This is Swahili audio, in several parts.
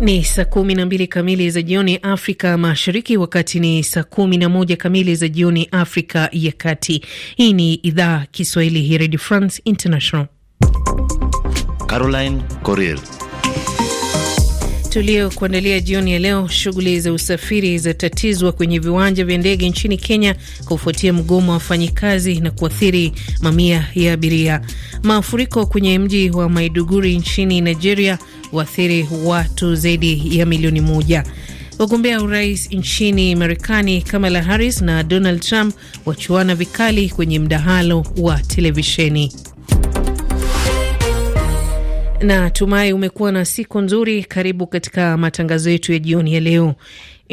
Ni saa kumi na mbili kamili za jioni Afrika Mashariki, wakati ni saa kumi na moja kamili za jioni Afrika ya Kati. Hii ni idhaa Kiswahili ya Redio France International. Caroline Corrier tuliokuandalia jioni ya leo. Shughuli za usafiri zatatizwa kwenye viwanja vya ndege nchini Kenya kufuatia mgomo wa wafanyikazi na kuathiri mamia ya abiria. Mafuriko kwenye mji wa Maiduguri nchini Nigeria waathiri watu zaidi ya milioni moja. Wagombea urais nchini Marekani Kamala Harris na Donald Trump wachuana vikali kwenye mdahalo wa televisheni. Natumai umekuwa na siku nzuri. Karibu katika matangazo yetu ya jioni ya leo.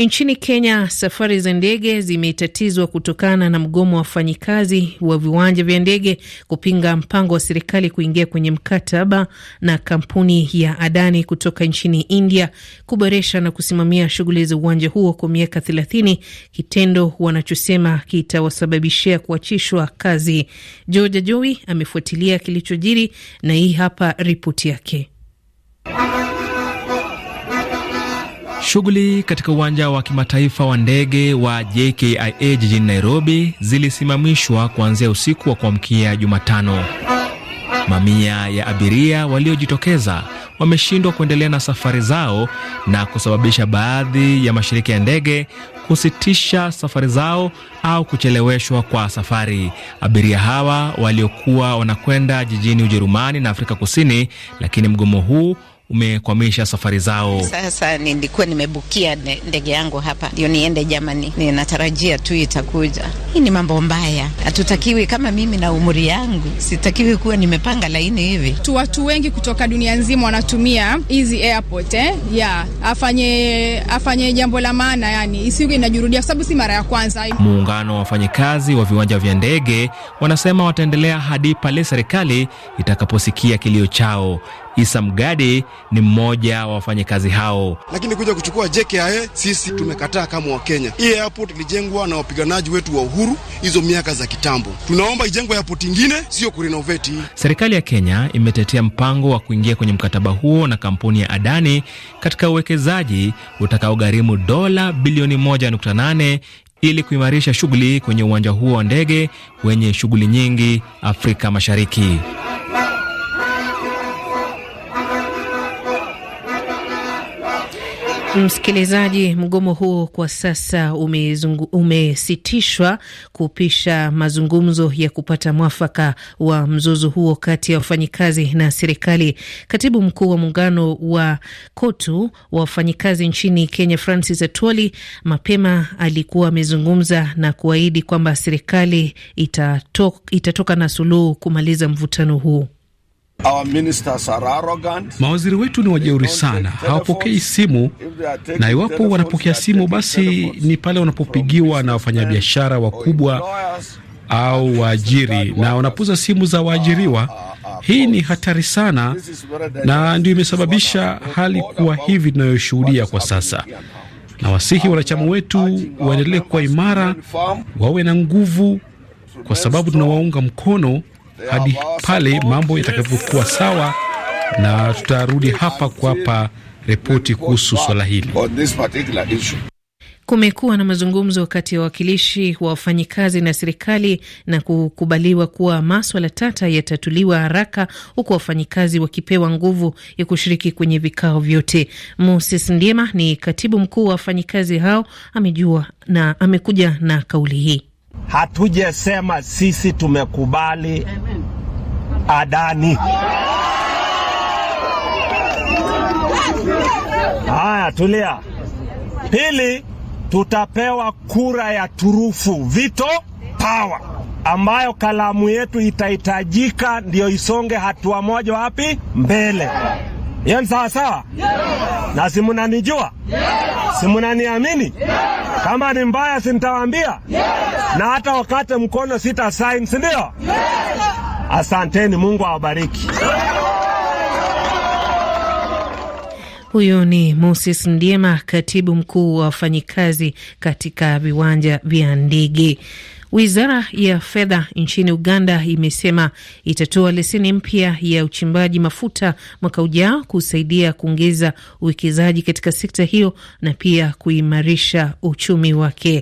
Nchini Kenya, safari za ndege zimetatizwa kutokana na mgomo wa wafanyikazi wa viwanja vya ndege kupinga mpango wa serikali kuingia kwenye mkataba na kampuni ya Adani kutoka nchini India kuboresha na kusimamia shughuli za uwanja huo kwa miaka thelathini, kitendo wanachosema kitawasababishia kuachishwa kazi. Georgia Jowi amefuatilia kilichojiri na hii hapa ripoti yake. Shughuli katika uwanja wa kimataifa wa ndege wa JKIA jijini Nairobi zilisimamishwa kuanzia usiku wa kuamkia Jumatano. Mamia ya abiria waliojitokeza wameshindwa kuendelea na safari zao na kusababisha baadhi ya mashirika ya ndege kusitisha safari zao au kucheleweshwa kwa safari. Abiria hawa waliokuwa wanakwenda jijini Ujerumani na Afrika Kusini, lakini mgomo huu umekwamisha safari zao. Sasa nilikuwa nimebukia ndege yangu hapa ndio niende jamani ninatarajia tu itakuja. Hii ni mambo mbaya, hatutakiwi. Kama mimi na umri yangu sitakiwi kuwa nimepanga laini hivi tu. Watu wengi kutoka dunia nzima wanatumia hizi airport eh? Yeah, afanye afanye jambo la maana, yani isiwe inajurudia, kwa sababu si mara ya kwanza. Muungano wa wafanyakazi wa viwanja vya ndege wanasema wataendelea hadi pale serikali itakaposikia kilio chao. Isa Mgade ni mmoja wa wafanyakazi hao. Lakini kuja kuchukua JKIA sisi tumekataa kama Wakenya. Hii airport ilijengwa na wapiganaji wetu wa uhuru hizo miaka za kitambo. Tunaomba ijengwe airport ingine, sio kurenovate. Serikali ya Kenya imetetea mpango wa kuingia kwenye mkataba huo na kampuni ya Adani katika uwekezaji utakaogharimu dola bilioni 1.8 ili kuimarisha shughuli kwenye uwanja huo wa ndege wenye shughuli nyingi Afrika Mashariki. Msikilizaji, mgomo huo kwa sasa umesitishwa umesitishwa kupisha mazungumzo ya kupata mwafaka wa mzozo huo kati ya wafanyikazi na serikali. Katibu mkuu wa muungano wa KOTU wa wafanyikazi nchini Kenya, Francis Atwoli, mapema alikuwa amezungumza na kuahidi kwamba serikali itatoka, itatoka na suluhu kumaliza mvutano huu. Mawaziri wetu ni wajeuri sana, hawapokei simu, na iwapo wanapokea simu, basi ni pale wanapopigiwa na wafanyabiashara wakubwa au waajiri, na wanapuza simu za ah, waajiriwa. Ah, ah, Hii ni hatari sana, na ndio imesababisha hali kuwa hivi tunayoshuhudia kwa sasa. Na wasihi wanachama wetu waendelee kuwa imara, wawe na nguvu, kwa sababu tunawaunga mkono hadi pale mambo yatakavyokuwa sawa, na tutarudi hapa kuwapa ripoti kuhusu swala hili. Kumekuwa na mazungumzo kati ya wawakilishi wa wafanyikazi na serikali na kukubaliwa kuwa maswala tata yatatuliwa haraka, huku wafanyikazi wakipewa nguvu ya kushiriki kwenye vikao vyote. Moses Ndiema ni katibu mkuu wa wafanyikazi hao, amejua na amekuja na kauli hii hatujasema sisi tumekubali Adani. Haya, tulia. Pili, tutapewa kura ya turufu veto power, ambayo kalamu yetu itahitajika ndio isonge hatua moja wapi mbele. Ye sawa sawa Na si munanijua Si munaniamini Kama ni mbaya sintawambia Na hata wakate mkono sita sign, si ndio? Asanteni, Mungu awabariki yeah. Huyu ni Moses Ndiema, katibu mkuu wa wafanyikazi katika viwanja vya ndege. Wizara ya fedha nchini Uganda imesema itatoa leseni mpya ya uchimbaji mafuta mwaka ujao kusaidia kuongeza uwekezaji katika sekta hiyo na pia kuimarisha uchumi wake.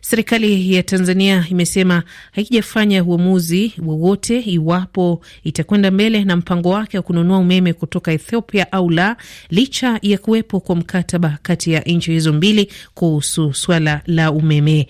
Serikali ya Tanzania imesema haijafanya uamuzi wowote iwapo itakwenda mbele na mpango wake wa kununua umeme kutoka Ethiopia au la, licha ya kuwepo kwa mkataba kati ya nchi hizo mbili kuhusu swala la umeme.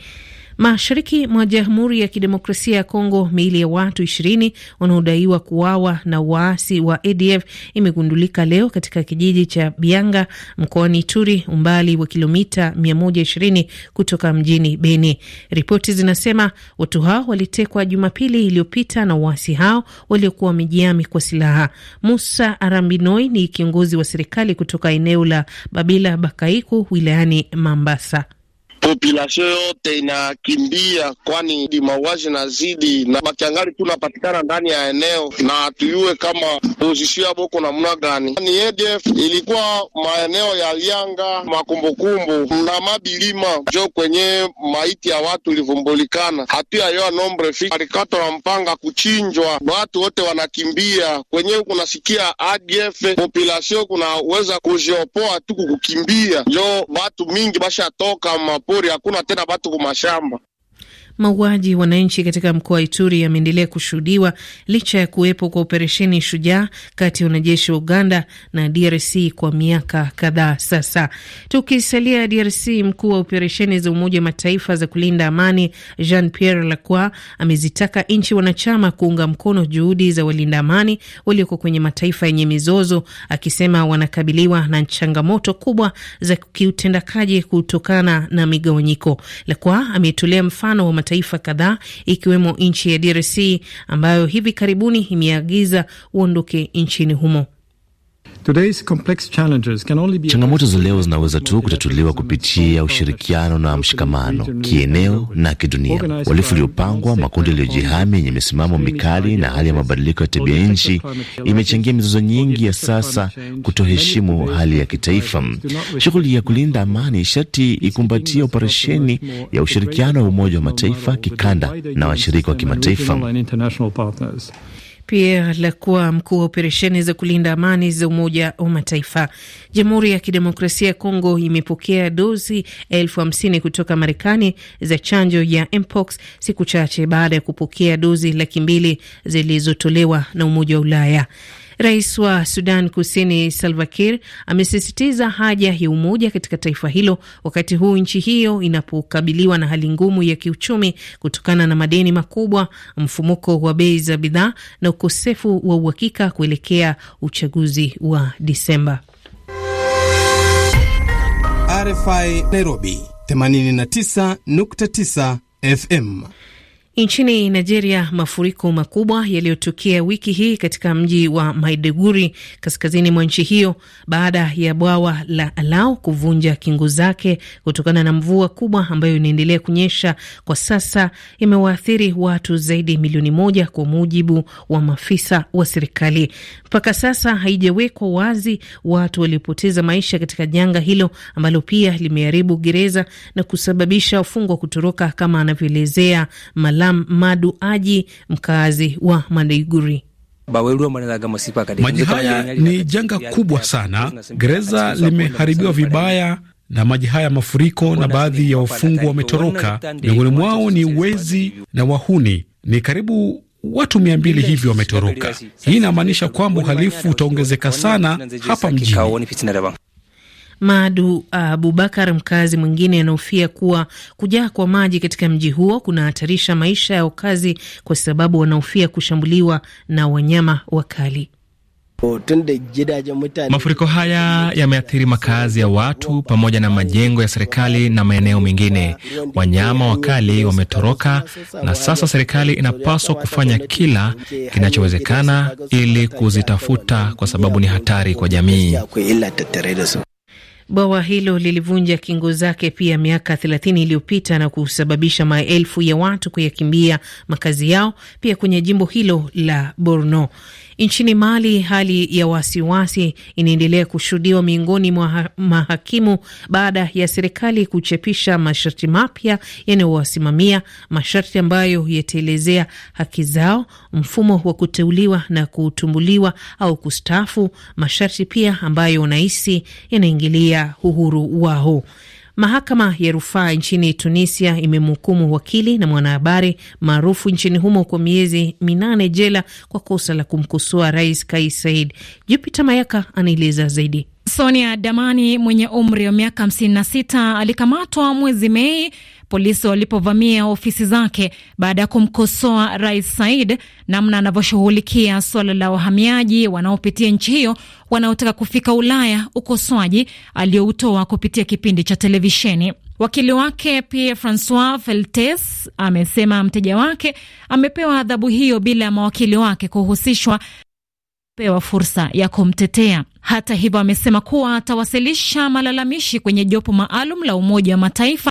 Mashariki mwa Jamhuri ya Kidemokrasia ya Kongo, miili ya watu ishirini wanaodaiwa kuuawa na waasi wa ADF imegundulika leo katika kijiji cha Bianga mkoani Ituri, umbali wa kilomita 120 kutoka mjini Beni. Ripoti zinasema watu hao walitekwa Jumapili iliyopita na waasi hao waliokuwa wamejiami kwa silaha. Musa Arambinoi ni kiongozi wa serikali kutoka eneo la Babila Bakaiku wilayani Mambasa population yote inakimbia, kwani di mauaji na zidi na bakiangali tunapatikana ndani ya eneo na tuyue kama pozisio ya boko namna gani. Ni ADF ilikuwa maeneo ya Lianga, Makumbukumbu na Mabilima jo kwenye maiti ya watu ilivumbulikana, hatuyayoa nombre fi alikato na mpanga kuchinjwa, watu wote wanakimbia kwenye Kunasikia ADF population kunaweza kujiopoa tu kukukimbia, njo batu mingi bashatoka mapo mapori, hakuna tena batu kumashamba. Mauaji wananchi katika mkoa wa Ituri yameendelea kushuhudiwa licha ya kuwepo kwa operesheni Shujaa kati ya wanajeshi wa Uganda na DRC kwa miaka kadhaa sasa. Tukisalia DRC, mkuu wa operesheni za Umoja wa Mataifa za kulinda amani Jean Pierre Lacroix amezitaka nchi wanachama kuunga mkono juhudi za walinda amani walioko kwenye mataifa yenye mizozo, akisema wanakabiliwa na changamoto kubwa za kiutendakaji kutokana na migawanyiko. Lacroix ametolea mfano wa mataifa kadhaa ikiwemo nchi ya DRC ambayo hivi karibuni imeagiza uondoke nchini humo. Changamoto za leo zinaweza tu kutatuliwa kupitia ushirikiano na mshikamano kieneo na kidunia. Uhalifu uliopangwa, makundi yaliyojihami yenye misimamo mikali na hali ya mabadiliko ya tabia nchi imechangia mizozo nyingi ya sasa, kutoheshimu hali ya kitaifa. Shughuli ya kulinda amani sharti ikumbatia operesheni ya ushirikiano wa Umoja wa Mataifa kikanda na washirika wa kimataifa. Pierre kuwa mkuu wa operesheni za kulinda amani za Umoja wa Mataifa. Jamhuri ya Kidemokrasia ya Kongo imepokea dozi elfu hamsini kutoka Marekani za chanjo ya mpox siku chache baada ya kupokea dozi laki mbili zilizotolewa na Umoja wa Ulaya. Rais wa Sudan Kusini Salva Kiir amesisitiza haja ya umoja katika taifa hilo wakati huu nchi hiyo inapokabiliwa na hali ngumu ya kiuchumi kutokana na madeni makubwa, mfumuko wa bei za bidhaa na ukosefu wa uhakika kuelekea uchaguzi wa Disemba. RFI Nairobi 89.9 FM. Nchini Nigeria, mafuriko makubwa yaliyotokea wiki hii katika mji wa Maiduguri kaskazini mwa nchi hiyo baada ya bwawa la Alau kuvunja kingo zake kutokana na mvua kubwa ambayo inaendelea kunyesha kwa sasa, imewaathiri watu zaidi milioni moja kwa mujibu wa maafisa wa serikali. Mpaka sasa haijawekwa wazi watu waliopoteza maisha katika janga hilo ambalo pia limeharibu gereza na kusababisha wafungwa kutoroka, kama anavyoelezea Salaam Madu Aji, mkazi wa Madaiguri. Maji haya ni janga kubwa sana, gereza limeharibiwa vibaya na maji haya mafuriko, na baadhi ya wafungwa wametoroka. Miongoni mwao ni wezi na wahuni, ni karibu watu mia mbili hivyo wametoroka. Hii inamaanisha kwamba uhalifu utaongezeka sana hapa mjini. Madu uh, Abubakar, mkazi mwingine, anahofia kuwa kujaa kwa maji katika mji huo kunahatarisha maisha ya wakazi kwa sababu wanahofia kushambuliwa na wanyama wakali. Mafuriko haya yameathiri makazi ya watu pamoja na majengo ya serikali na maeneo mengine. Wanyama wakali wametoroka, na sasa serikali inapaswa kufanya kila kinachowezekana ili kuzitafuta, kwa sababu ni hatari kwa jamii. Bwawa hilo lilivunja kingo zake pia miaka 30 iliyopita na kusababisha maelfu ya watu kuyakimbia makazi yao, pia kwenye jimbo hilo la Borno. Nchini Mali, hali ya wasiwasi inaendelea kushuhudiwa miongoni mwa mahakimu baada ya serikali kuchapisha masharti mapya yanayowasimamia, masharti ambayo yataelezea haki zao, mfumo wa kuteuliwa na kutumbuliwa au kustaafu, masharti pia ambayo wanahisi yanaingilia uhuru wao. Mahakama ya rufaa nchini Tunisia imemhukumu wakili na mwanahabari maarufu nchini humo kwa miezi minane jela kwa kosa la kumkosoa rais Kais Saied. Jupita Mayaka anaeleza zaidi. Sonia Damani mwenye umri wa miaka 56 alikamatwa mwezi Mei polisi walipovamia ofisi zake baada ya kumkosoa Rais Said namna anavyoshughulikia suala la wahamiaji wanaopitia nchi hiyo wanaotaka kufika Ulaya, ukosoaji aliyoutoa kupitia kipindi cha televisheni. Wakili wake Pierre Francois Feltes amesema mteja wake amepewa adhabu hiyo bila ya mawakili wake kuhusishwa pewa fursa ya kumtetea. Hata hivyo, amesema kuwa atawasilisha malalamishi kwenye jopo maalum la Umoja wa Mataifa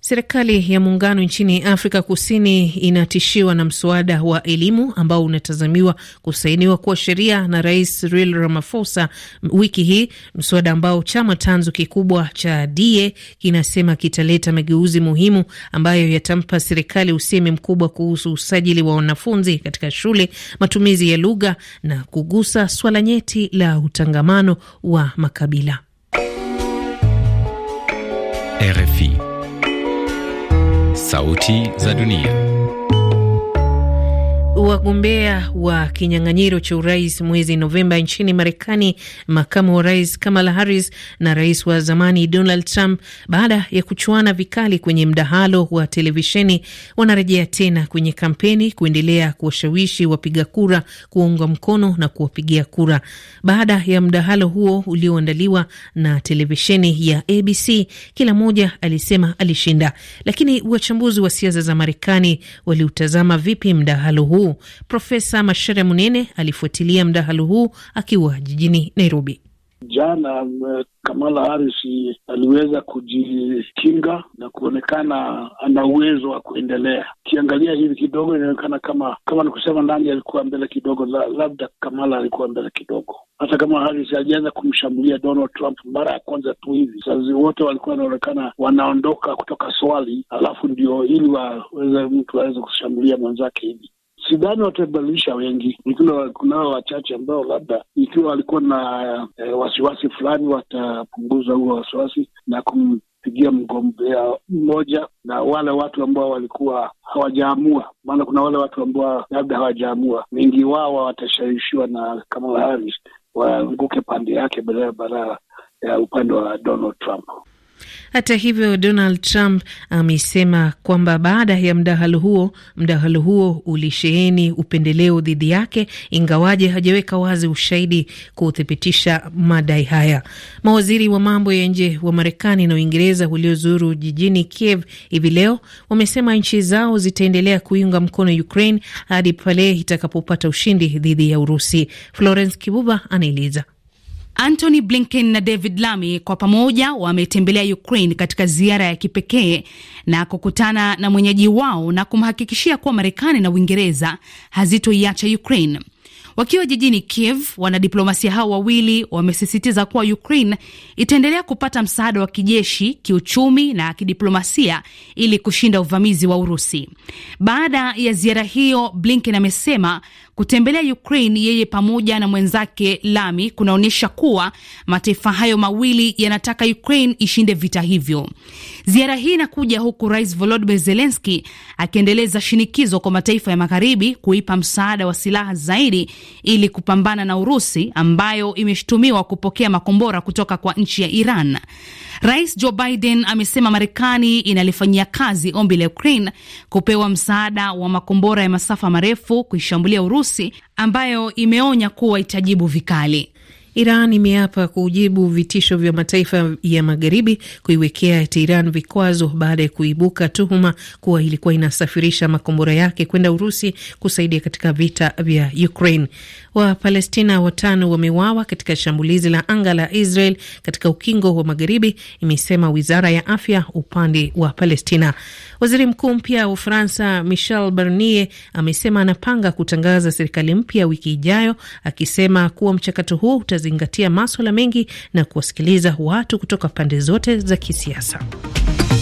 Serikali ya muungano nchini Afrika Kusini inatishiwa na mswada wa elimu ambao unatazamiwa kusainiwa kuwa sheria na Rais Cyril Ramaphosa wiki hii, mswada ambao chama tanzu kikubwa cha DA kinasema kitaleta mageuzi muhimu ambayo yatampa serikali usemi mkubwa kuhusu usajili wa wanafunzi katika shule, matumizi ya lugha na kugusa swala nyeti la utangamano wa makabila. RFI Sauti za Dunia. Wagombea wa kinyang'anyiro cha urais mwezi Novemba nchini Marekani, makamu wa rais Kamala Harris na rais wa zamani Donald Trump, baada ya kuchuana vikali kwenye mdahalo wa televisheni, wanarejea tena kwenye kampeni kuendelea kuwashawishi wapiga kura kuwaunga mkono na kuwapigia kura. Baada ya mdahalo huo ulioandaliwa na televisheni ya ABC, kila mmoja alisema alishinda, lakini wachambuzi wa siasa za Marekani waliutazama vipi mdahalo huu? huu. Profesa Mashere Munene alifuatilia mdahalo huu akiwa jijini Nairobi. Jana eh, Kamala Harris aliweza kujikinga na kuonekana ana uwezo wa kuendelea. Ukiangalia hivi kidogo, inaonekana kama kama ni kusema ndani alikuwa mbele kidogo, la, labda Kamala alikuwa mbele kidogo, hata kama Harris alianza kumshambulia Donald Trump mara ya kwanza tu hivi. Sasa wote walikuwa wanaonekana wanaondoka kutoka swali, alafu ndio ili waweze mtu aweze kushambulia mwenzake hivi sidhani watabadilisha wengi, ikiwa kunao wachache ambao labda ikiwa walikuwa na e, wasiwasi fulani watapunguza huo wasiwasi na kumpigia mgombea mmoja na wale watu ambao walikuwa hawajaamua. Maana kuna wale watu ambao labda hawajaamua, wengi wao watashawishiwa na Kamala Harris waanguke pande yake badala ya eh, upande wa Donald Trump. Hata hivyo, Donald Trump amesema kwamba baada ya mdahalo huo, mdahalo huo ulisheheni upendeleo dhidi yake, ingawaje hajaweka wazi ushahidi kuthibitisha madai haya. Mawaziri wa mambo ya nje wa Marekani na Uingereza waliozuru jijini Kiev hivi leo wamesema nchi zao zitaendelea kuiunga mkono Ukraine hadi pale itakapopata ushindi dhidi ya Urusi. Florence Kibuba anaeleza. Antony Blinken na David Lamy kwa pamoja wametembelea Ukraine katika ziara ya kipekee na kukutana na mwenyeji wao na kumhakikishia kuwa Marekani na Uingereza hazitoiacha Ukraine. Wakiwa jijini Kiev, wanadiplomasia hao wawili wamesisitiza kuwa Ukraine itaendelea kupata msaada wa kijeshi, kiuchumi na kidiplomasia ili kushinda uvamizi wa Urusi. Baada ya ziara hiyo, Blinken amesema Kutembelea Ukraine yeye pamoja na mwenzake Lami kunaonyesha kuwa mataifa hayo mawili yanataka Ukraine ishinde vita hivyo. Ziara hii inakuja huku Rais Volodymyr Zelensky akiendeleza shinikizo kwa mataifa ya magharibi kuipa msaada wa silaha zaidi ili kupambana na Urusi ambayo imeshutumiwa kupokea makombora kutoka kwa nchi ya Iran. Rais Joe Biden amesema Marekani inalifanyia kazi ombi la Ukraine kupewa msaada wa makombora ya masafa marefu kuishambulia Urusi, ambayo imeonya kuwa itajibu vikali. Iran imeapa kujibu vitisho vya mataifa ya magharibi kuiwekea Teheran vikwazo baada ya kuibuka tuhuma kuwa ilikuwa inasafirisha makombora yake kwenda Urusi kusaidia katika vita vya Ukraine. Wapalestina watano wamewawa katika shambulizi la anga la Israel katika ukingo wa magharibi, imesema wizara ya afya upande wa Palestina. Waziri mkuu mpya wa Ufaransa Michel Barnier amesema anapanga kutangaza serikali mpya wiki ijayo, akisema kuwa mchakato huo utazi kuzingatia maswala mengi na kuwasikiliza watu kutoka pande zote za kisiasa.